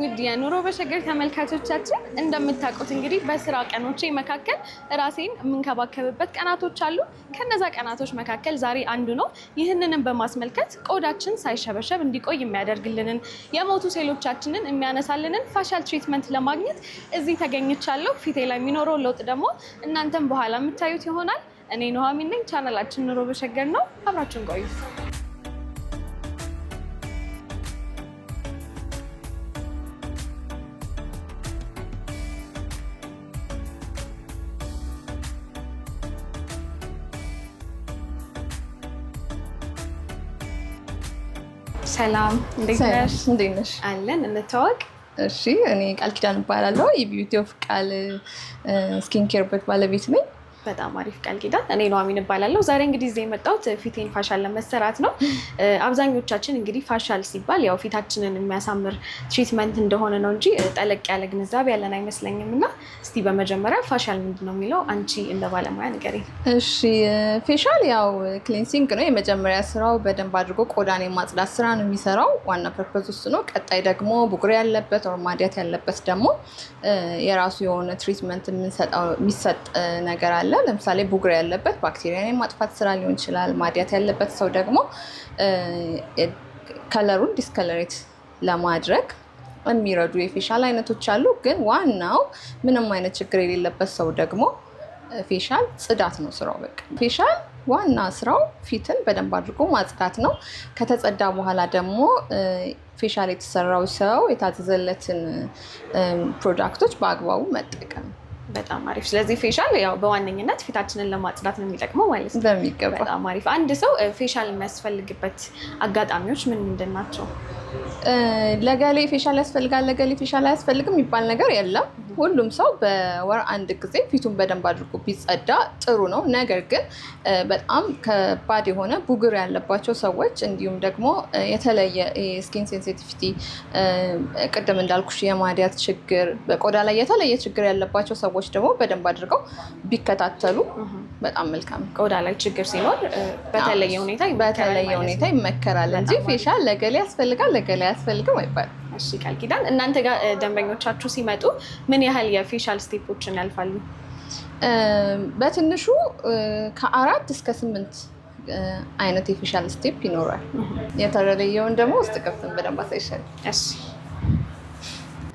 ውድ የኑሮ በሸገር ተመልካቾቻችን እንደምታውቁት እንግዲህ በስራ ቀኖቼ መካከል ራሴን የምንከባከብበት ቀናቶች አሉ። ከነዛ ቀናቶች መካከል ዛሬ አንዱ ነው። ይህንንም በማስመልከት ቆዳችን ሳይሸበሸብ እንዲቆይ የሚያደርግልንን የሞቱ ሴሎቻችንን የሚያነሳልንን ፋሻል ትሪትመንት ለማግኘት እዚህ ተገኝቻለሁ። ፊቴ ላይ የሚኖረው ለውጥ ደግሞ እናንተም በኋላ የምታዩት ይሆናል። እኔ ኑሐሚን ነኝ። ቻናላችን ኑሮ በሸገር ነው። አብራችን ቆዩ። ሰላም እንዴት ነሽ? እንዴት ነሽ? አለን። እንተዋወቅ። እሺ፣ እኔ ቃል ኪዳን እባላለሁ የቢዩቲ ኦፍ ቃል ስኪን ኬር ቤት ባለቤት ነኝ። በጣም አሪፍ ቃል ኪዳን። እኔ ኑሐሚን እባላለሁ። ዛሬ እንግዲህ እዚህ የመጣሁት ፊቴን ፋሻል ለመሰራት ነው። አብዛኞቻችን እንግዲህ ፋሻል ሲባል ያው ፊታችንን የሚያሳምር ትሪትመንት እንደሆነ ነው እንጂ ጠለቅ ያለ ግንዛቤ ያለን አይመስለኝም። እና እስቲ በመጀመሪያ ፋሻል ምንድን ነው የሚለው አንቺ እንደ ባለሙያ ንገሪ። እሺ፣ ፌሻል ያው ክሊንሲንግ ነው የመጀመሪያ ስራው። በደንብ አድርጎ ቆዳን የማጽዳት ስራ ነው የሚሰራው። ዋና ፐርፐዝ ውስጥ ነው። ቀጣይ ደግሞ ብጉር ያለበት ኦር ማዲያት ያለበት ደግሞ የራሱ የሆነ ትሪትመንት የሚሰጥ ነገር አለ ለምሳሌ ቡግር ያለበት ባክቴሪያን የማጥፋት ስራ ሊሆን ይችላል። ማዲያት ያለበት ሰው ደግሞ ከለሩን ዲስከለሬት ለማድረግ የሚረዱ የፌሻል አይነቶች አሉ። ግን ዋናው ምንም አይነት ችግር የሌለበት ሰው ደግሞ ፌሻል ጽዳት ነው ስራው። በቃ ፌሻል ዋና ስራው ፊትን በደንብ አድርጎ ማጽዳት ነው። ከተጸዳ በኋላ ደግሞ ፌሻል የተሰራው ሰው የታዘዘለትን ፕሮዳክቶች በአግባቡ መጠቀም በጣም አሪፍ። ስለዚህ ፌሻል ያው በዋነኝነት ፊታችንን ለማጽዳት ነው የሚጠቅመው ማለት ነው። በሚገባ በጣም አሪፍ። አንድ ሰው ፌሻል የሚያስፈልግበት አጋጣሚዎች ምን ምንድን ናቸው? ለገሌ ፌሻል ያስፈልጋል፣ ለገሌ ፌሻል አያስፈልግም የሚባል ነገር የለም። ሁሉም ሰው በወር አንድ ጊዜ ፊቱን በደንብ አድርጎ ቢጸዳ ጥሩ ነው። ነገር ግን በጣም ከባድ የሆነ ቡግር ያለባቸው ሰዎች እንዲሁም ደግሞ የተለየ ስኪን ሴንሲቲቪቲ ቅድም እንዳልኩሽ የማዲያት ችግር፣ በቆዳ ላይ የተለየ ችግር ያለባቸው ሰዎች ደግሞ በደንብ አድርገው ቢከታተሉ በጣም መልካም። ቆዳ ላይ ችግር ሲኖር በተለየ ሁኔታ ይመከራል እንጂ ፌሻል ለገሌ ያስፈልጋል ለገሌ ያስፈልግም አይባልም። እሺ ቃል ኪዳን፣ እናንተ ጋር ደንበኞቻችሁ ሲመጡ ምን ያህል የፌሻል ስቴፖችን ያልፋሉ? በትንሹ ከአራት እስከ ስምንት አይነት የፌሻል ስቴፕ ይኖራል። የተለየውን ደግሞ ውስጥ ገብተን በደንብ አሳይሻል።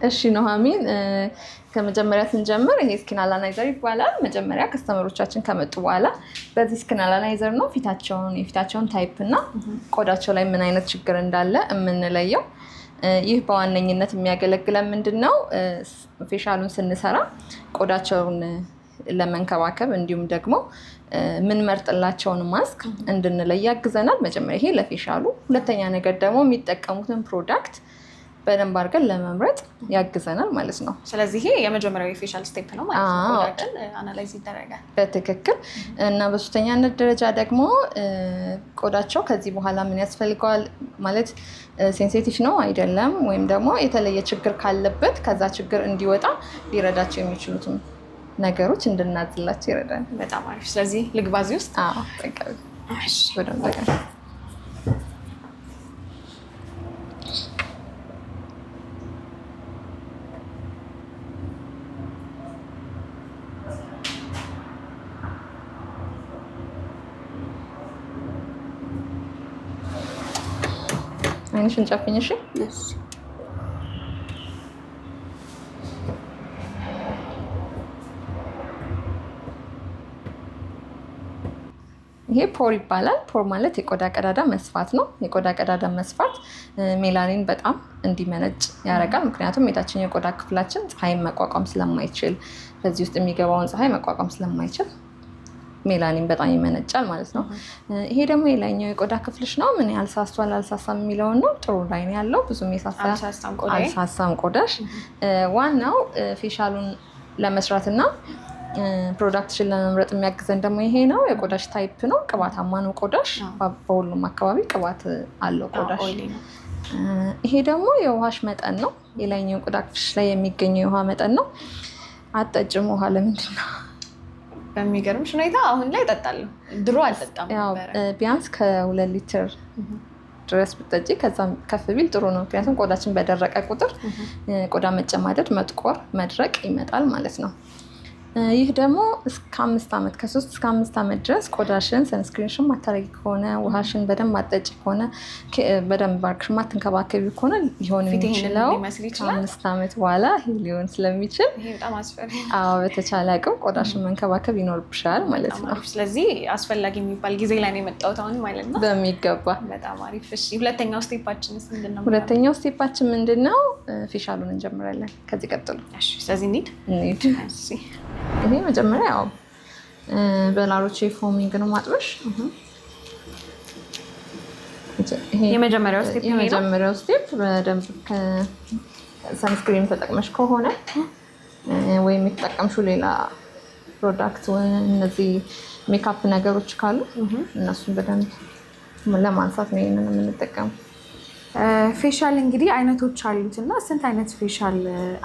እሺ ኑሐሚን፣ ከመጀመሪያ ስንጀምር ይሄ ስኪን አላናይዘር ይባላል። መጀመሪያ ከስተመሮቻችን ከመጡ በኋላ በዚህ ስኪን አላናይዘር ነው ፊታቸውን የፊታቸውን ታይፕ እና ቆዳቸው ላይ ምን አይነት ችግር እንዳለ የምንለየው። ይህ በዋነኝነት የሚያገለግለን ምንድን ነው? ፌሻሉን ስንሰራ ቆዳቸውን ለመንከባከብ እንዲሁም ደግሞ መርጥላቸውን ማስክ እንድንለይ ያግዘናል። መጀመሪያ ይሄ ለፌሻሉ፣ ሁለተኛ ነገር ደግሞ የሚጠቀሙትን ፕሮዳክት በደንብ አድርገን ለመምረጥ ያግዘናል ማለት ነው። ስለዚህ ይሄ የመጀመሪያው የፌሻል ስቴፕ ነው ማለት ነው። ቆዳችን አናላይዝ uh, ይደረጋል በትክክል እና በሶስተኛነት ደረጃ ደግሞ uh, ቆዳቸው ከዚህ በኋላ ምን ያስፈልገዋል ማለት ሴንሴቲቭ uh, ነው አይደለም፣ ወይም ደግሞ የተለየ ችግር ካለበት ከዛ ችግር እንዲወጣ ሊረዳቸው የሚችሉትም ነገሮች እንድናዝላቸው ይረዳል። በጣም አሪፍ። ስለዚህ ልግባዚ ውስጥ አይንሽን ጨፍኝ። እሺ ይሄ ፖር ይባላል። ፖር ማለት የቆዳ ቀዳዳ መስፋት ነው። የቆዳ ቀዳዳ መስፋት ሜላኒን በጣም እንዲመነጭ ያደርጋል። ምክንያቱም የታችኛው የቆዳ ክፍላችን ፀሐይን መቋቋም ስለማይችል በዚህ ውስጥ የሚገባውን ፀሐይ መቋቋም ስለማይችል ሜላኒን በጣም ይመነጫል ማለት ነው። ይሄ ደግሞ የላይኛው የቆዳ ክፍልሽ ነው። ምን ያህል ሳስቷል አልሳሳም የሚለውን ነው። ጥሩ ላይ ነው ያለው፣ ብዙም የሳሳ አልሳሳም ቆዳሽ። ዋናው ፌሻሉን ለመስራትና ፕሮዳክትሽን ለመምረጥ የሚያግዘን ደግሞ ይሄ ነው። የቆዳሽ ታይፕ ነው። ቅባታማ ነው ቆዳሽ። በሁሉም አካባቢ ቅባት አለው ቆዳሽ። ይሄ ደግሞ የውሃሽ መጠን ነው። የላይኛው ቆዳ ክፍልሽ ላይ የሚገኘው የውሃ መጠን ነው። አጠጭም ውሃ ለምንድን ነው በሚገርም ሁኔታ አሁን ላይ እጠጣለሁ። ድሮ አልጠጣም። ቢያንስ ከሁለት ሊትር ድረስ ብጠጪ ከዛም ከፍ ቢል ጥሩ ነው። ምክንያቱም ቆዳችን በደረቀ ቁጥር ቆዳ መጨማደድ፣ መጥቆር፣ መድረቅ ይመጣል ማለት ነው። ይህ ደግሞ እስከ አምስት ዓመት ከሶስት እስከ አምስት ዓመት ድረስ ቆዳሽን ሰንስክሪንሽን ማታረጊ ከሆነ ውሃሽን በደንብ ማጠጪ ከሆነ በደንብ ባርክሽን ማትንከባከቢ ከሆነ ሊሆን የሚችለው ከአምስት ዓመት በኋላ ሊሆን ስለሚችል በተቻለ አቅም ቆዳሽን መንከባከብ ይኖርብሻል ማለት ነው። ስለዚህ አስፈላጊ የሚባል ጊዜ ላይ ነው የመጣሁት አሁን ማለት ነው። በሚገባ በጣም አሪፍ። እሺ ሁለተኛው ስቴፓችን ምንድን ነው? ሁለተኛው ስቴፓችን ምንድን ነው? ፌሻሉን እንጀምራለን ከዚህ ቀጥሎ። ስለዚህ እንሂድ እንሂድ ይሄ መጀመሪያ ያው በላሮቼ ፎሚንግ ነው ማጥበሽ። የመጀመሪያው ስቴፕ በደንብ ሰንስክሪን ተጠቅመሽ ከሆነ ወይም የተጠቀምሽው ሌላ ፕሮዳክት እነዚህ ሜካፕ ነገሮች ካሉ እነሱን በደንብ ለማንሳት ነው ይሄንን የምንጠቀመው። ፌሻል እንግዲህ አይነቶች አሉት እና ስንት አይነት ፌሻል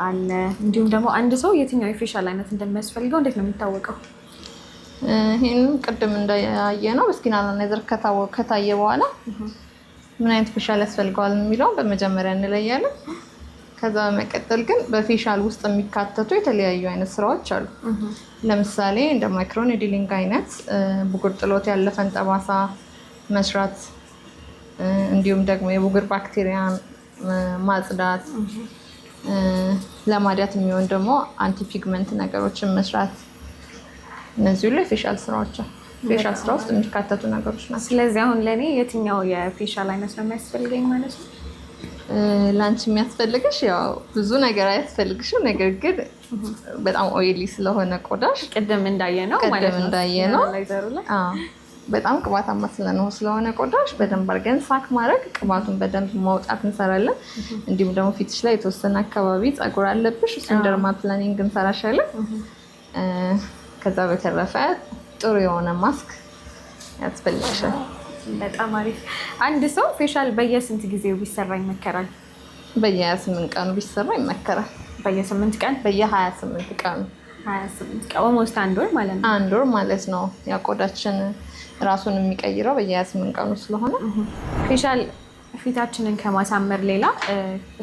አለ? እንዲሁም ደግሞ አንድ ሰው የትኛው የፌሻል አይነት እንደሚያስፈልገው እንዴት ነው የሚታወቀው? ይህን ቅድም እንዳየ ነው በስኪን አናላይዘር ከታየ በኋላ ምን አይነት ፌሻል ያስፈልገዋል የሚለው በመጀመሪያ እንለያለን። ከዛ በመቀጠል ግን በፌሻል ውስጥ የሚካተቱ የተለያዩ አይነት ስራዎች አሉ። ለምሳሌ እንደ ማይክሮኔዲሊንግ አይነት ብጉር ጥሎት ያለፈን ጠባሳ መስራት እንዲሁም ደግሞ የቡግር ባክቴሪያን ማጽዳት፣ ለማዳት የሚሆን ደግሞ አንቲ ፒግመንት ነገሮችን መስራት፣ እነዚህ ሁሉ የፌሻል ስራዎች ፌሻል ስራ ውስጥ የሚካተቱ ነገሮች ናቸው። ስለዚህ አሁን ለእኔ የትኛው የፌሻል አይነት ነው የሚያስፈልገኝ ማለት ነው? ላንች የሚያስፈልግሽ ያው ብዙ ነገር አያስፈልግሽም። ነገር ግን በጣም ኦይሊ ስለሆነ ቆዳሽ ቅድም እንዳየ ነው ቅድም እንዳየ ነው በጣም ቅባታማ ስለነው ስለሆነ ቆዳሽ በደንብ አድርገን ሳክ ማድረግ ቅባቱን በደንብ ማውጣት እንሰራለን። እንዲሁም ደግሞ ፊትሽ ላይ የተወሰነ አካባቢ ጸጉር አለብሽ፣ እሱን ደርማ ፕላኒንግ እንሰራሻለን። ከዛ በተረፈ ጥሩ የሆነ ማስክ ያስፈልግሻል። በጣም አሪፍ። አንድ ሰው ፌሻል በየስንት ጊዜው ቢሰራ ይመከራል? በየ28 ቀኑ ቢሰራ ይመከራል። በየ8 ቀን በየ28 ቀኑ 28 ቀን ኦልሞስት አንድ ወር ማለት ነው። አንድ ወር ማለት ነው ያቆዳችን ራሱን የሚቀይረው በየ28 ቀኑ ስለሆነ ፌሻል ፊታችንን ከማሳመር ሌላ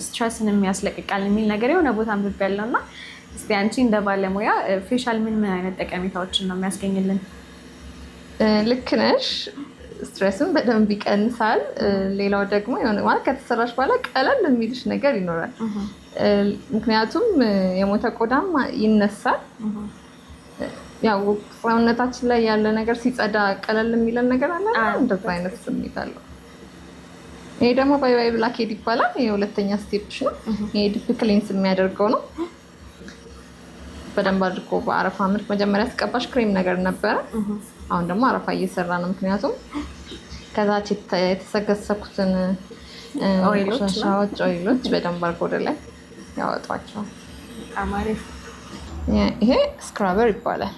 ስትረስንም ያስለቅቃል የሚል ነገር የሆነ ቦታ አንብቤ ያለው እና እስኪ አንቺ እንደ ባለሙያ ፌሻል ምን ምን አይነት ጠቀሜታዎችን ነው የሚያስገኝልን? ልክ ነሽ። ስትረስን በደንብ ይቀንሳል። ሌላው ደግሞ ማለት ከተሰራሽ በኋላ ቀለል የሚልሽ ነገር ይኖራል። ምክንያቱም የሞተ ቆዳም ይነሳል። ያው ሰውነታችን ላይ ያለ ነገር ሲጸዳ ቀለል የሚለን ነገር አለ። እንደዛ አይነት ስሜት አለው። ይሄ ደግሞ ባይ ባይ ብላክ ሄድ ይባላል። ሁለተኛ ስቴፕሽ ነው። ይሄ ዲፕ ክሊንስ የሚያደርገው ነው። በደንብ አድርጎ በአረፋ ምርት መጀመሪያ ያስቀባሽ ክሬም ነገር ነበረ። አሁን ደግሞ አረፋ እየሰራ ነው። ምክንያቱም ከዛች የተሰገሰኩትን ቆሻሻዎች ኦይሎች በደንብ አድርጎ ወደ ላይ ያወጧቸዋል። ይሄ ስክራበር ይባላል።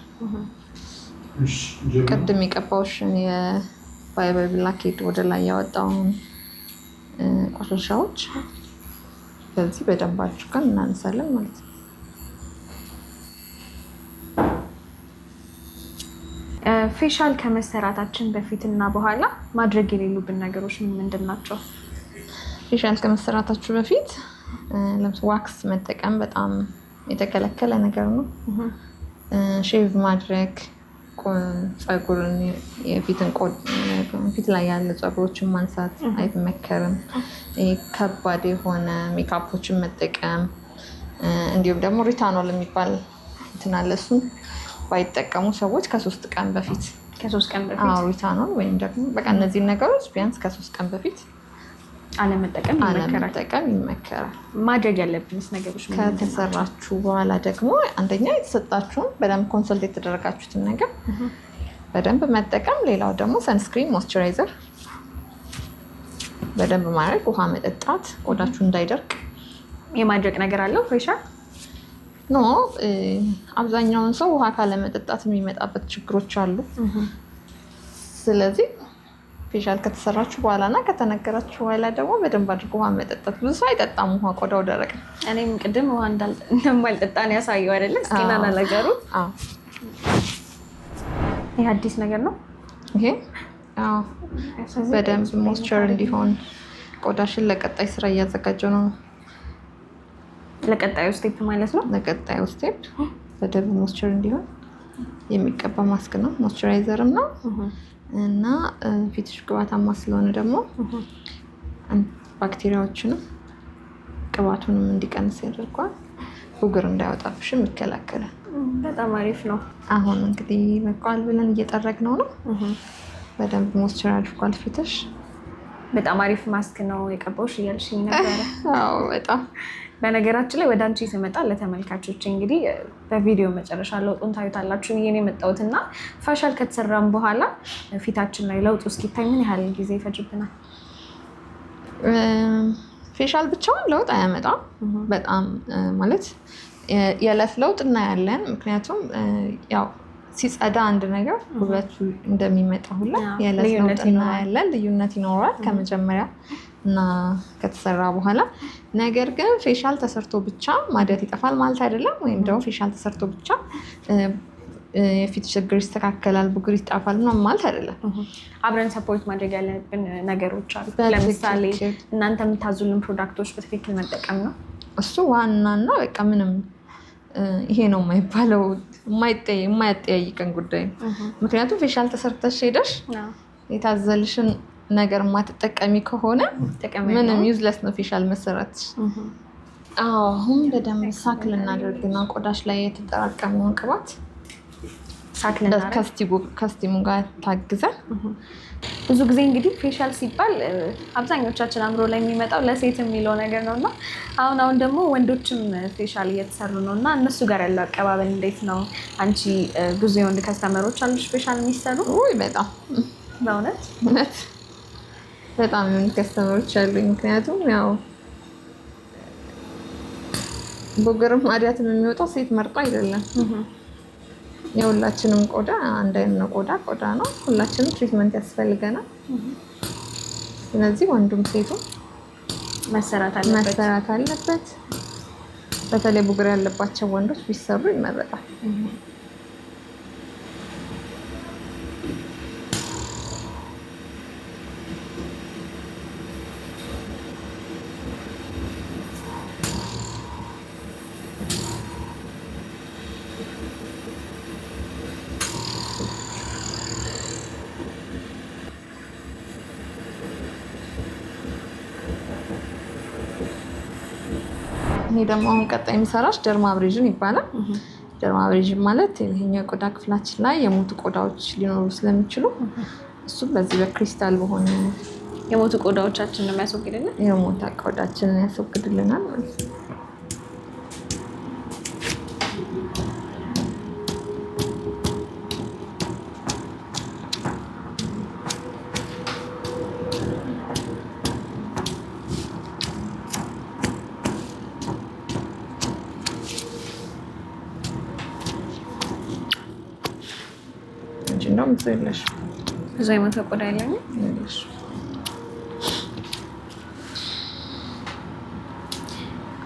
ቅድም የቀባዎሽን የባይባይ ብላኬት ወደ ላይ ያወጣውን ቆሻሻዎች በዚህ በደንብ አድርገን እናነሳለን ማለት ነው። ፌሻል ከመሰራታችን በፊትና በኋላ ማድረግ የሌሉብን ነገሮች ምን ምንድን ናቸው? ፌሻል ከመሰራታችሁ በፊት ዋክስ መጠቀም በጣም የተከለከለ ነገር ነው። ሼቭ ማድረግ ጸጉርን የፊትን ፊት ላይ ያለ ጸጉሮችን ማንሳት አይመከርም። ከባድ የሆነ ሜካፖችን መጠቀም እንዲሁም ደግሞ ሪታኖል የሚባል እንትን አለ። እሱን ባይጠቀሙ ሰዎች ከሶስት ቀን በፊት ሪታኖል ወይም ደግሞ በቃ እነዚህን ነገሮች ቢያንስ ከሶስት ቀን በፊት አለመጠቀም አለመጠቀም ይመከራል። ማድረግ ያለብንስ ነገሮች ከተሰራችሁ በኋላ ደግሞ አንደኛ የተሰጣችሁን በደንብ ኮንሰልት የተደረጋችሁትን ነገር በደንብ መጠቀም፣ ሌላው ደግሞ ሰንስክሪን፣ ሞይስቸራይዘር በደንብ ማድረግ፣ ውሃ መጠጣት፣ ቆዳችሁ እንዳይደርቅ የማድረግ ነገር አለው ፍሬሻ ኖ አብዛኛውን ሰው ውሃ ካለመጠጣት የሚመጣበት ችግሮች አሉ። ስለዚህ ስፔሻል ከተሰራችሁ በኋላ እና ከተነገራችሁ በኋላ ደግሞ በደንብ አድርጎ ውሃ መጠጣት። ብዙ ሰው አይጠጣም ውሃ፣ ቆዳው ደረቅ እኔም ቅድም ውሃ እንደማልጠጣን ያሳየው አይደለ? እስኪና ነገሩ ይህ አዲስ ነገር ነው። ይሄ በደንብ ሞስቸር እንዲሆን ቆዳሽን ለቀጣይ ስራ እያዘጋጀው ነው። ለቀጣዩ ስቴፕ ማለት ነው። ለቀጣዩ ስቴፕ በደንብ ሞስቸር እንዲሆን የሚቀባ ማስክ ነው። ሞስቸራይዘርም ነው። እና ፊትሽ ቅባታማ ስለሆነ ደግሞ ባክቴሪያዎችንም ቅባቱንም እንዲቀንስ ያደርገዋል። ብጉር እንዳይወጣብሽም ይከላከላል። በጣም አሪፍ ነው። አሁን እንግዲህ በቃል ብለን እየጠረግነው ነው። በደንብ ሞስቸር አድርጓል ፊትሽ በጣም አሪፍ ማስክ ነው የቀባሁሽ እያልሽኝ ነበረ። በጣም በነገራችን ላይ ወደ አንቺ ስመጣ ለተመልካቾች እንግዲህ በቪዲዮ መጨረሻ ለውጡን ታዩታላችሁ ብዬ ነው የመጣሁት እና ፋሻል ከተሰራም በኋላ ፊታችን ላይ ለውጡ እስኪታይ ምን ያህል ጊዜ ይፈጅብናል? ፌሻል ብቻውን ለውጥ አያመጣም። በጣም ማለት የዕለት ለውጥ እናያለን። ምክንያቱም ያው ሲጸዳ አንድ ነገር ውበቱ እንደሚመጣ ሁላ የዕለት እናያለን። ልዩነት ይኖረዋል ከመጀመሪያ እና ከተሰራ በኋላ። ነገር ግን ፌሻል ተሰርቶ ብቻ ማደት ይጠፋል ማለት አይደለም። ወይም ደግሞ ፌሻል ተሰርቶ ብቻ የፊት ችግር ይስተካከላል፣ ብጉር ይጣፋል ነው ማለት አይደለም። አብረን ሰፖርት ማድረግ ያለብን ነገሮች አሉ። ለምሳሌ እናንተ የምታዙልን ፕሮዳክቶች በትክክል መጠቀም ነው። እሱ ዋናና በቃ ምንም ይሄ ነው የማይባለው የማያጠያይቀን ጉዳይ ነው። ምክንያቱም ፌሻል ተሰርተሽ ሄደሽ የታዘልሽን ነገር ማትጠቀሚ ከሆነ ምንም ዩዝለስ ነው ፌሻል መሰረት። አሁን በደንብ ሳክ ልናደርግና ቆዳሽ ላይ የተጠራቀመውን ቅባት ከስቲሙ ጋር ታግዘን ብዙ ጊዜ እንግዲህ ፌሻል ሲባል አብዛኞቻችን አእምሮ ላይ የሚመጣው ለሴት የሚለው ነገር ነው እና አሁን አሁን ደግሞ ወንዶችም ፌሻል እየተሰሩ ነው እና እነሱ ጋር ያለው አቀባበል እንዴት ነው? አንቺ ብዙ የወንድ ከስተመሮች አሉሽ ፌሻል የሚሰሩ? ውይ በጣም በእውነት እውነት በጣም የወንድ ከስተመሮች አሉኝ። ምክንያቱም ያው ቦገርም አዲያትም የሚወጣው ሴት መርጦ አይደለም የሁላችንም ቆዳ አንድ አይነት ነው። ቆዳ ቆዳ ነው። ሁላችንም ትሪትመንት ያስፈልገናል። ስለዚህ ወንዱም ሴቱ መሰራት አለበት። በተለይ ቡግር ያለባቸው ወንዶች ቢሰሩ ይመረጣል። እኔ ደግሞ አሁን ቀጣይ የሚሰራች ደርማ ብሬዥን ይባላል። ደርማ ብሬዥን ማለት ይሄኛው የቆዳ ክፍላችን ላይ የሞቱ ቆዳዎች ሊኖሩ ስለሚችሉ እሱም በዚህ በክሪስታል በሆነ የሞቱ ቆዳዎቻችን ነው የሚያስወግድልን፣ የሞታ ቆዳችንን ያስወግድልናል ማለት ነው። ቆዳ የለኝም።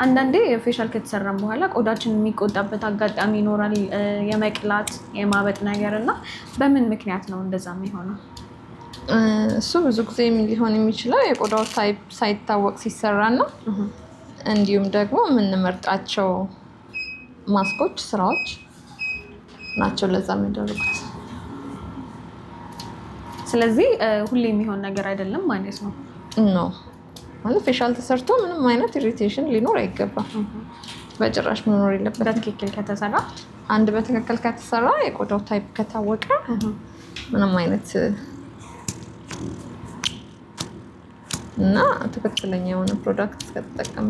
አንዳንዴ ፌሻል ከተሰራም በኋላ ቆዳችን የሚቆጣበት አጋጣሚ ይኖራል። የመቅላት የማበጥ ነገር እና በምን ምክንያት ነው እንደዛ የሚሆነው? እሱ ብዙ ጊዜ ሊሆን የሚችለው የቆዳው ሳይታወቅ ሲሰራ ነው። እንዲሁም ደግሞ የምንመርጣቸው ማስኮች ስራዎች ናቸው ለዛ የሚደረጉት። ስለዚህ ሁሌ የሚሆን ነገር አይደለም ማለት ነው። ኖ ማለት ፌሻል ተሰርቶ ምንም አይነት ኢሪቴሽን ሊኖር አይገባም። በጭራሽ መኖር የለበትም። በትክክል ከተሰራ አንድ በትክክል ከተሰራ የቆዳው ታይፕ ከታወቀ ምንም አይነት እና ትክክለኛ የሆነ ፕሮዳክት እስከተጠቀመ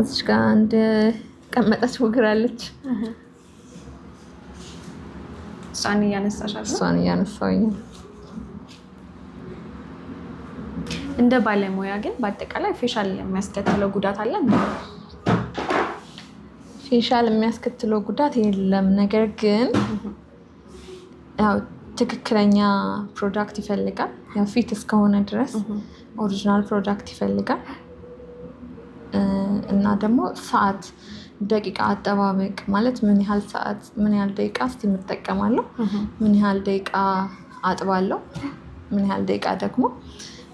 እዚች ጋር አንድ ቀመጠች ውግር አለች። እሷን እያነሳሻት እሷን እያነሳሁኝ እንደ ባለሙያ ግን በአጠቃላይ ፌሻል የሚያስከትለው ጉዳት አለ። ፌሻል የሚያስከትለው ጉዳት የለም። ነገር ግን ያው ትክክለኛ ፕሮዳክት ይፈልጋል። ያው ፊት እስከሆነ ድረስ ኦሪጂናል ፕሮዳክት ይፈልጋል እና ደግሞ ሰዓት ደቂቃ አጠባበቅ ማለት ምን ያህል ሰዓት፣ ምን ያህል ደቂቃ እስቲ የምጠቀማለሁ፣ ምን ያህል ደቂቃ አጥባለሁ፣ ምን ያህል ደቂቃ ደግሞ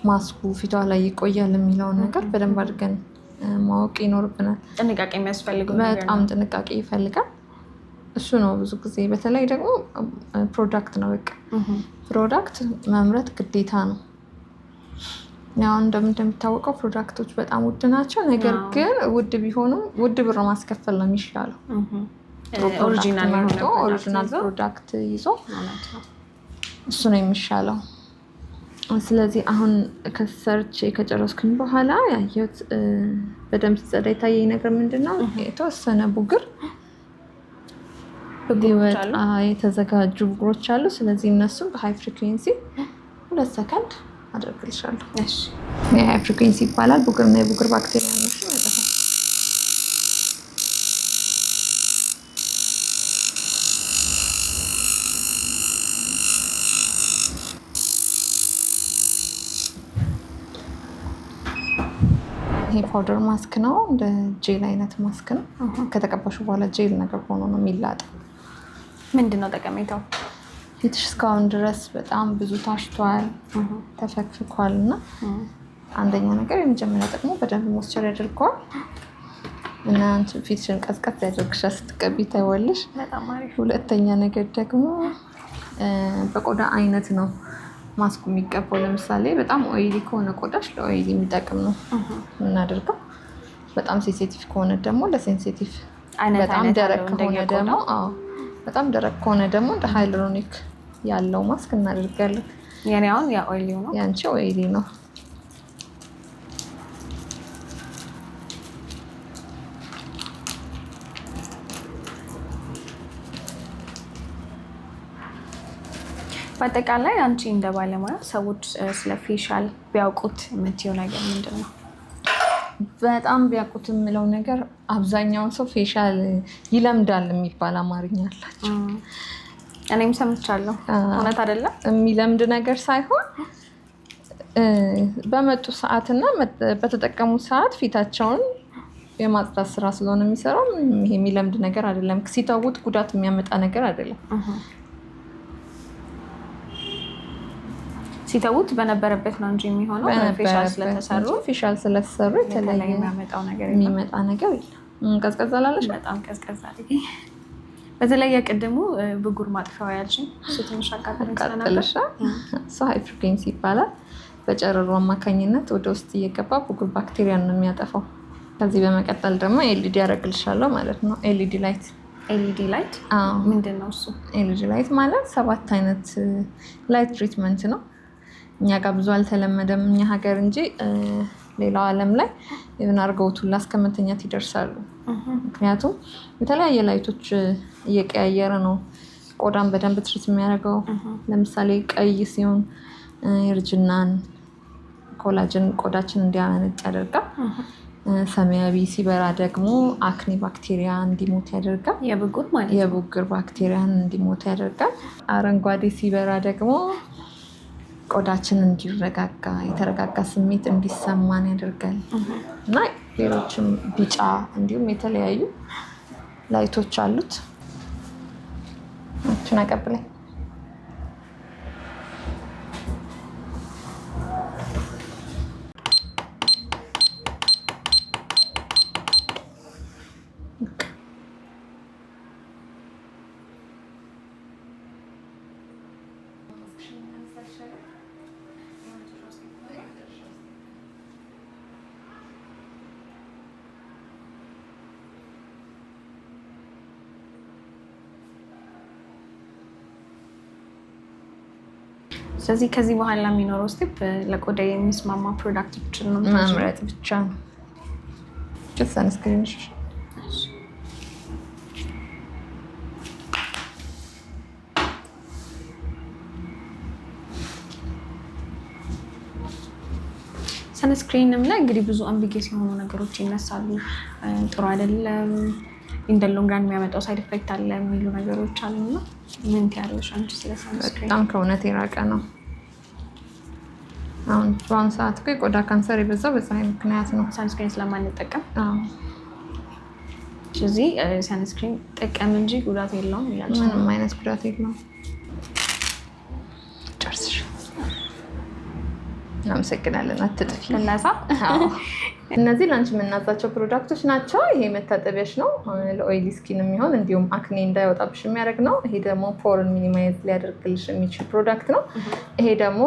ማስኩ ፊቷ ላይ ይቆያል የሚለውን ነገር በደንብ አድርገን ማወቅ ይኖርብናል። ጥንቃቄ የሚያስፈልገው በጣም ጥንቃቄ ይፈልጋል። እሱ ነው ብዙ ጊዜ በተለይ ደግሞ ፕሮዳክት ነው በቃ ፕሮዳክት መምረት ግዴታ ነው። ያው እንደምታወቀው ፕሮዳክቶች በጣም ውድ ናቸው። ነገር ግን ውድ ቢሆኑም ውድ ብር ማስከፈል ነው የሚሻለው። ኦሪጂናል ፕሮዳክት ይዞ እሱ ነው የሚሻለው። ስለዚህ አሁን ከሰርች ከጨረስኩኝ በኋላ ያየሁት በደንብ ሲጸዳ የታየኝ ነገር ምንድን ነው? የተወሰነ ቡግር የተዘጋጁ ቡግሮች አሉ። ስለዚህ እነሱም በሃይ ፍሪኩዌንሲ ሁለት ሰከንድ አድርግልሻለሁ። ፍሪኩንሲ ይባላል። ቡግርና የቡግር ባክቴሪያ ነሽን አይጠፋም። ይሄ ፓውደር ማስክ ነው፣ እንደ ጄል አይነት ማስክ ነው። ከተቀባሹ በኋላ ጄል ነገር ሆኖ ነው የሚላጠው። ምንድን ነው ጠቀሜታው? ፊትሽ እስካሁን ድረስ በጣም ብዙ ታሽቷል፣ ተፈክፍኳል እና አንደኛ ነገር የመጀመሪያ ጥቅሞ በደንብ ሞስቸር ያደርገዋል እና ፊትሽን ቀዝቀዝ ያደርግሻል ስትቀቢ ታይዋለሽ። ሁለተኛ ነገር ደግሞ በቆዳ አይነት ነው ማስኩ የሚቀባው። ለምሳሌ በጣም ኦይሊ ከሆነ ቆዳሽ ለኦይሊ የሚጠቅም ነው የምናደርገው። በጣም ሴንሴቲቭ ከሆነ ደግሞ ለሴንሴቲቭ፣ በጣም ደረቅ ከሆነ ደግሞ በጣም ደረቅ ከሆነ ደግሞ እንደ ሃይሎሮኒክ ያለው ማስክ እናደርጋለን። የኔ አሁን ያ ኦይሊ ነው፣ ያንቺ ኦይሊ ነው። በአጠቃላይ አንቺ እንደ ባለሙያ ሰዎች ስለ ፌሻል ቢያውቁት የምትይው ነገር ምንድን ነው? በጣም ቢያውቁት የምለው ነገር አብዛኛውን ሰው ፌሻል ይለምዳል የሚባል አማርኛ አላቸው። እኔም ሰምቻለሁ። እውነት አይደለም የሚለምድ ነገር ሳይሆን በመጡ ሰዓትና በተጠቀሙ ሰዓት ፊታቸውን የማጽዳት ስራ ስለሆነ የሚሰራው ይሄ የሚለምድ ነገር አይደለም። ሲተውት ጉዳት የሚያመጣ ነገር አይደለም። ሲተውት በነበረበት ነው እንጂ የሚሆነው ፌሻል ስለተሰሩ ፌሻል ስለተሰሩ የተለየ ነገር የለም። ቀዝቀዝ አላለሽ? በጣም ቀዝቀዝ አለኝ። በተለይ የቅድሙ ብጉር ማጥፊያው ያልሽኝ እሱ ትንሽ አቃጥለኝ እሱ ሃይ ፍሪኩዌንሲ ይባላል። በጨረሩ አማካኝነት ወደ ውስጥ እየገባ ብጉር ባክቴሪያን ነው የሚያጠፋው። ከዚህ በመቀጠል ደግሞ ኤልዲ ያደርግልሻለሁ ማለት ነው። ኤልዲ ላይት ኤልዲ ላይት ምንድን ነው እሱ? ኤልኢዲ ላይት ማለት ሰባት አይነት ላይት ትሪትመንት ነው። እኛ ጋር ብዙ አልተለመደም እኛ ሀገር እንጂ ሌላው ዓለም ላይ ይህን አርገውቱላ እስከ ይደርሳሉ። ምክንያቱም የተለያየ ላይቶች እየቀያየረ ነው ቆዳን በደንብ ትሪት የሚያደርገው። ለምሳሌ ቀይ ሲሆን እርጅናን፣ ኮላጅን ቆዳችን እንዲያመነጭ ያደርጋል። ሰማያዊ ሲበራ ደግሞ አክኒ ባክቴሪያ እንዲሞት ያደርጋል። የብጉር ባክቴሪያን እንዲሞት ያደርጋል። አረንጓዴ ሲበራ ደግሞ ቆዳችን እንዲረጋጋ የተረጋጋ ስሜት እንዲሰማን ያደርጋል እና ሌሎችም ቢጫ እንዲሁም የተለያዩ ላይቶች አሉት። እችን አቀብላይ ስለዚህ ከዚህ በኋላ የሚኖረው ስቴፕ ለቆዳ የሚስማማ ፕሮዳክቶችን ነው መምረጥ ብቻ ነው። ሰንስክሪንም ላይ እንግዲህ ብዙ አምቢጌስ ሲሆኑ ነገሮች ይነሳሉ። ጥሩ አይደለም ኢንደ ሎንግራን የሚያመጣው ሳይድ ኢፌክት አለ የሚሉ ነገሮች አሉ። አሉና ምን ትያለሽ አንቺ ስለ ሰንስክሪን? በጣም ከእውነት የራቀ ነው። አሁን በአሁኑ ሰዓት እኮ የቆዳ ካንሰር የበዛው በፀሐይ ምክንያት ነው፣ ሳንስክሪን ስለማንጠቀም። እዚህ ሳንስክሪን ጠቀም እንጂ ጉዳት የለውም ይላል። ምንም አይነት ጉዳት የለውም። ጨርስሽ። እናመሰግናለን። አትጥፊ ለዛ እነዚህ ላንች የምናዛቸው ፕሮዳክቶች ናቸው። ይሄ መታጠቢያሽ ነው ለኦይል ስኪን የሚሆን እንዲሁም አክኔ እንዳይወጣብሽ የሚያደርግ ነው። ይሄ ደግሞ ፖርን ሚኒማይዝ ሊያደርግልሽ የሚችል ፕሮዳክት ነው። ይሄ ደግሞ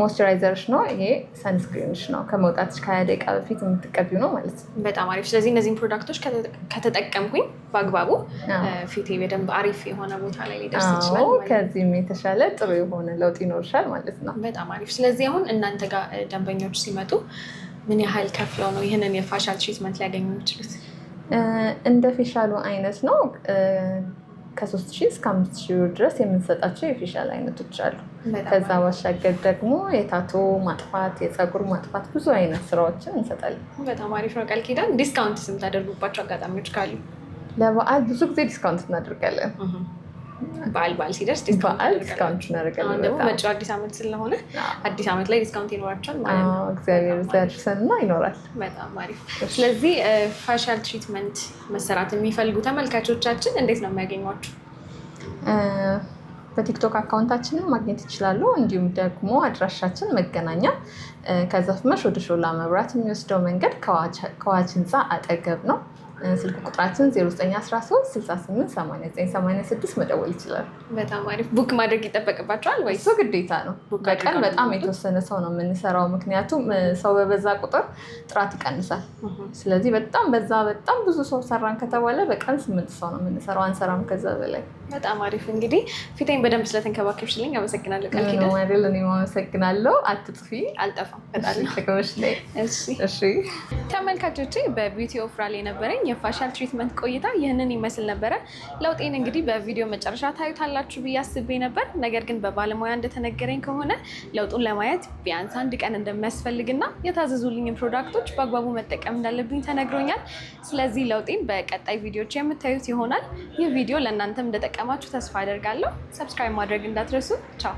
ሞይስቸራይዘርሽ ነው። ይሄ ሰንስክሪንሽ ነው። ከመውጣትሽ ከሀያ ደቂቃ በፊት የምትቀቢው ነው ማለት ነው። በጣም አሪፍ። ስለዚህ እነዚህን ፕሮዳክቶች ከተጠቀምኩኝ በአግባቡ ፊቴ በደንብ አሪፍ የሆነ ቦታ ላይ ሊደርስ ይችላል። ከዚህም የተሻለ ጥሩ የሆነ ለውጥ ይኖርሻል ማለት ነው። በጣም አሪፍ። ስለዚህ አሁን እናንተ ጋር ደንበኞች ሲመጡ ምን ያህል ከፍለው ነው ይህንን የፋሻል ትሪትመንት ሊያገኙ የሚችሉት? እንደ ፌሻሉ አይነት ነው። ከሶስት ሺህ እስከ አምስት ሺህ ብር ድረስ የምንሰጣቸው የፌሻል አይነቶች አሉ። ከዛ ባሻገር ደግሞ የታቶ ማጥፋት፣ የፀጉር ማጥፋት ብዙ አይነት ስራዎችን እንሰጣለን። በጣም አሪፍ ነው። ቃል ኪዳን ዲስካውንት የምታደርጉባቸው አጋጣሚዎች ካሉ? ለበዓል ብዙ ጊዜ ዲስካውንት እናደርጋለን። በዓል በዓል ሲደርስ በዓል ዲስካውንት እናደርጋለን። ደግሞ መጪው አዲስ ዓመት ስለሆነ አዲስ ዓመት ላይ ዲስካውንት ይኖራቸዋል ማለት ነው። እግዚአብሔር ያድርሰንና ይኖራል። በጣም አሪፍ። ስለዚህ ፋሻል ትሪትመንት መሰራት የሚፈልጉ ተመልካቾቻችን እንዴት ነው የሚያገኟቸው? በቲክቶክ አካውንታችንም ማግኘት ይችላሉ። እንዲሁም ደግሞ አድራሻችን መገናኛ ከዘፍመሽ ወደ ሾላ መብራት የሚወስደው መንገድ ከዋች ህንፃ አጠገብ ነው። ስልክ ቁጥራችን 0913 0913688986 መደወል ይችላል። በጣም አሪፍ። ቡክ ማድረግ ይጠበቅባቸዋል ወይ? እሱ ግዴታ ነው። በቀን በጣም የተወሰነ ሰው ነው የምንሰራው፣ ምክንያቱም ሰው በበዛ ቁጥር ጥራት ይቀንሳል። ስለዚህ በጣም በዛ በጣም ብዙ ሰው ሰራን ከተባለ በቀን ስምንት ሰው ነው የምንሰራው፣ አንሰራም ከዛ በላይ። በጣም አሪፍ። እንግዲህ ፊቴን በደንብ ስለተንከባከብሽልኝ አመሰግናለሁ። ቃል ኪዳን አይደል? እኔም አመሰግናለሁ። አትጥፊ፣ አልጠፋም። በጣም ተከበሽ ላይ ተመልካቾቼ በቢዩቲ ኦፍ የነበረኝ የፋሻል ትሪትመንት ቆይታ ይህንን ይመስል ነበረ። ለውጤን እንግዲህ በቪዲዮ መጨረሻ ታዩታላችሁ ብዬ አስቤ ነበር። ነገር ግን በባለሙያ እንደተነገረኝ ከሆነ ለውጡን ለማየት ቢያንስ አንድ ቀን እንደሚያስፈልግና የታዘዙልኝን ፕሮዳክቶች በአግባቡ መጠቀም እንዳለብኝ ተነግሮኛል። ስለዚህ ለውጤን በቀጣይ ቪዲዮዎች የምታዩት ይሆናል። ይህ ቪዲዮ ለእናንተም እንደጠቀማችሁ ተስፋ አደርጋለሁ። ሰብስክራይብ ማድረግ እንዳትረሱ። ቻው